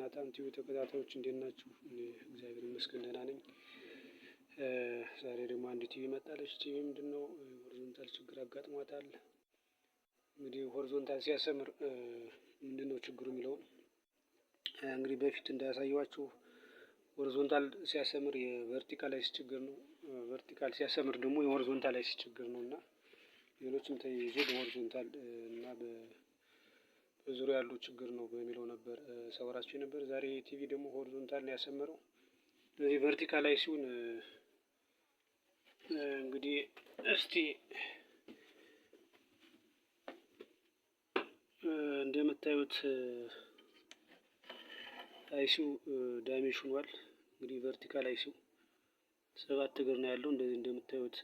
ናታን ቲዩብ ተከታታዮች እንዴት ናችሁ? እግዚአብሔር ይመስገን ደህና ነኝ። ዛሬ ደግሞ አንድ ቲቪ መጣለች። ቲቪ ምንድን ነው? ሆሪዞንታል ችግር አጋጥሟታል። እንግዲህ ሆሪዞንታል ሲያሰምር ምንድን ነው ችግሩ የሚለውን እንግዲህ በፊት እንዳያሳየዋችሁ ሆሪዞንታል ሲያሰምር የቨርቲካል አይሲስ ችግር ነው። ቨርቲካል ሲያሰምር ደግሞ የሆሪዞንታል አይስ ችግር ነው እና ሌሎችም ተይዞ በሆሪዞንታል በዙሪያ ያለው ችግር ነው በሚለው ነበር ሳወራችሁ ነበር። ዛሬ ቲቪ ደግሞ ሆሪዞንታል ነው ያሰመረው። ስለዚህ ቨርቲካል ላይ ሲሆን እንግዲህ እስቲ እንደምታዩት አይሲው ዳሜሽ ሆኗል። እንግዲህ ቨርቲካል አይሲው ሰባት እግር ነው ያለው። እንደዚህ እንደምታዩት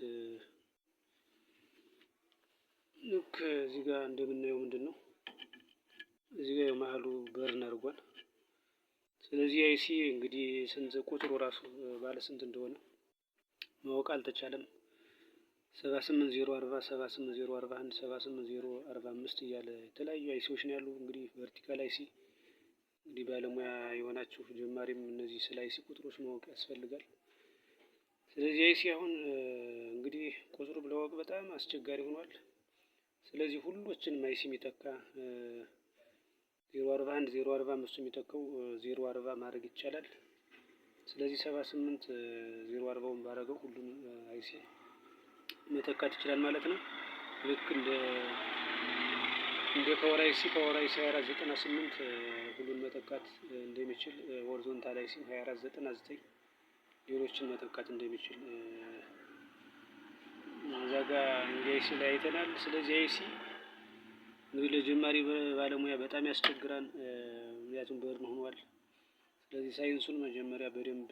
ልክ እዚህ ጋር እንደምናየው ምንድን ነው እዚህ ጋር መሀሉ በርን አድርጓል። ስለዚህ አይሲ እንግዲህ ስንት ቁጥሩ ራሱ ባለ ስንት እንደሆነ ማወቅ አልተቻለም። ሰባ ስምንት ዜሮ አርባ ሰባ ስምንት ዜሮ አርባ አንድ ሰባ ስምንት ዜሮ አርባ አምስት እያለ የተለያዩ አይሲዎች ነው ያሉ። እንግዲህ ቨርቲካል አይሲ እንግዲህ ባለሙያ የሆናችሁ ጀማሪም እነዚህ ስለ አይሲ ቁጥሮች ማወቅ ያስፈልጋል። ስለዚህ አይሲ አሁን እንግዲህ ቁጥሩ ለማወቅ በጣም አስቸጋሪ ሆኗል። ስለዚህ ሁሎችንም አይሲ የሚተካ ዜሮ አርባ አንድ ዜሮ አርባ አምስቱ የሚተካው ዜሮ አርባ ማድረግ ይቻላል። ስለዚህ ሰባ ስምንት ዜሮ አርባውን ባረገው ሁሉም አይሲ መተካት ይችላል ማለት ነው። ልክ እንደ እንደ ፓወር አይሲ ፓወር አይሲ ሀያ አራት ዘጠና ስምንት ሁሉን መተካት እንደሚችል ሆሪዞንታል አይሲ ሀያ አራት ዘጠና ዘጠኝ ሌሎችን መተካት እንደሚችል እዛ ጋር እንግዲህ አይሲ ላይ አይተናል። ስለዚህ አይሲ እንግዲህ ለጀማሪ ባለሙያ በጣም ያስቸግራል። ምክንያቱም ብዕር ሆኗል። ስለዚህ ሳይንሱን መጀመሪያ በደንብ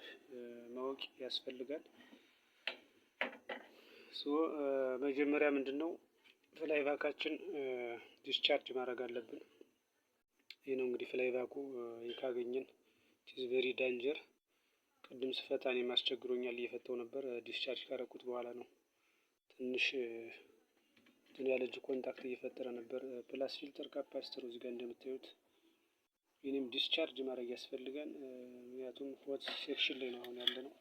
ማወቅ ያስፈልጋል። ሶ መጀመሪያ ምንድን ነው ፍላይ ቫካችን ዲስቻርጅ ማድረግ አለብን። ይህ ነው እንግዲህ ፍላይ ቫኩ የካገኘን ኢዝ ቬሪ ዳንጀር። ቅድም ስፈታ እኔም አስቸግሮኛል ነበር። ዲስቻርጅ ካረኩት በኋላ ነው ትንሽ ዱኒያ ኮንታክት እየፈጠረ ነበር። ፕላስ ፊልተር ካፓስተሩ እዚጋ እንደምታዩት ይህንም ዲስቻርጅ ማድረግ ያስፈልጋል። ምክንያቱም ሆት ሴክሽን ላይ ነው አሁን ያለ ነው።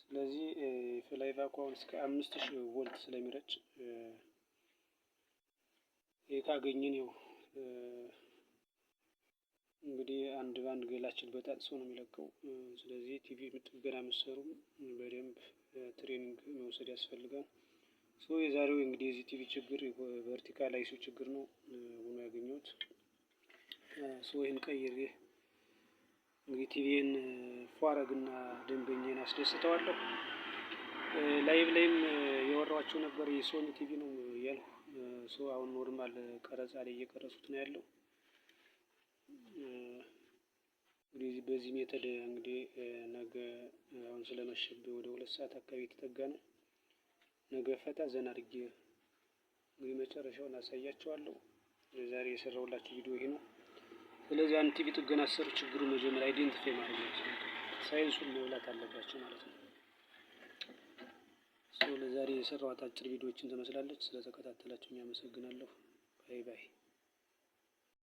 ስለዚህ ፍላይቭ እስከ አምስት ሺ ቮልት ስለሚረጭ ይህ ካገኘን እንግዲህ አንድ በአንድ ገላችን ሰው ነው የሚለቀው። ስለዚህ ቲቪ ጥገና መሰሩም በደንብ ትሬኒንግ መውሰድ ያስፈልጋል። ሶ የዛሬው እንግዲህ የዚህ ቲቪ ችግር ቨርቲካል ችግር ነው ሆኖ ያገኘሁት። ሶ ይህን ቀይሬ እንግዲህ ቲቪን ፏረግና ደንበኛን አስደስተዋለሁ። ላይቭ ላይም የወራኋቸው ነበር የሶኒ ቲቪ ነው ያልኩ። ሶ አሁን ኖርማል ቀረጻ ላይ እየቀረጹት ነው ያለው። እንግዲህ በዚህ ሜተድ እንግዲህ ነገ አሁን ስለመሸብህ ወደ ሁለት ሰዓት አካባቢ የተጠጋ ነው። ነገ ፈታ ዘና አድርጌ መጨረሻውን አሳያቸዋለሁ። ዛሬ የሰራሁላችሁ ቪዲዮ ይሄ ነው። ስለዚህ አንድ ቲቪ ጥገና ስር ችግሩ መጀመር አይዴንቲፋይ ማድረግ ነው። ሳይንሱን መብላት አለባቸው ማለት ነው። ሰው ለዛሬ የሰራኋት አጭር ቪዲዮዎችን ትመስላለች። ስለተከታተላችሁ አመሰግናለሁ። ባይ ባይ።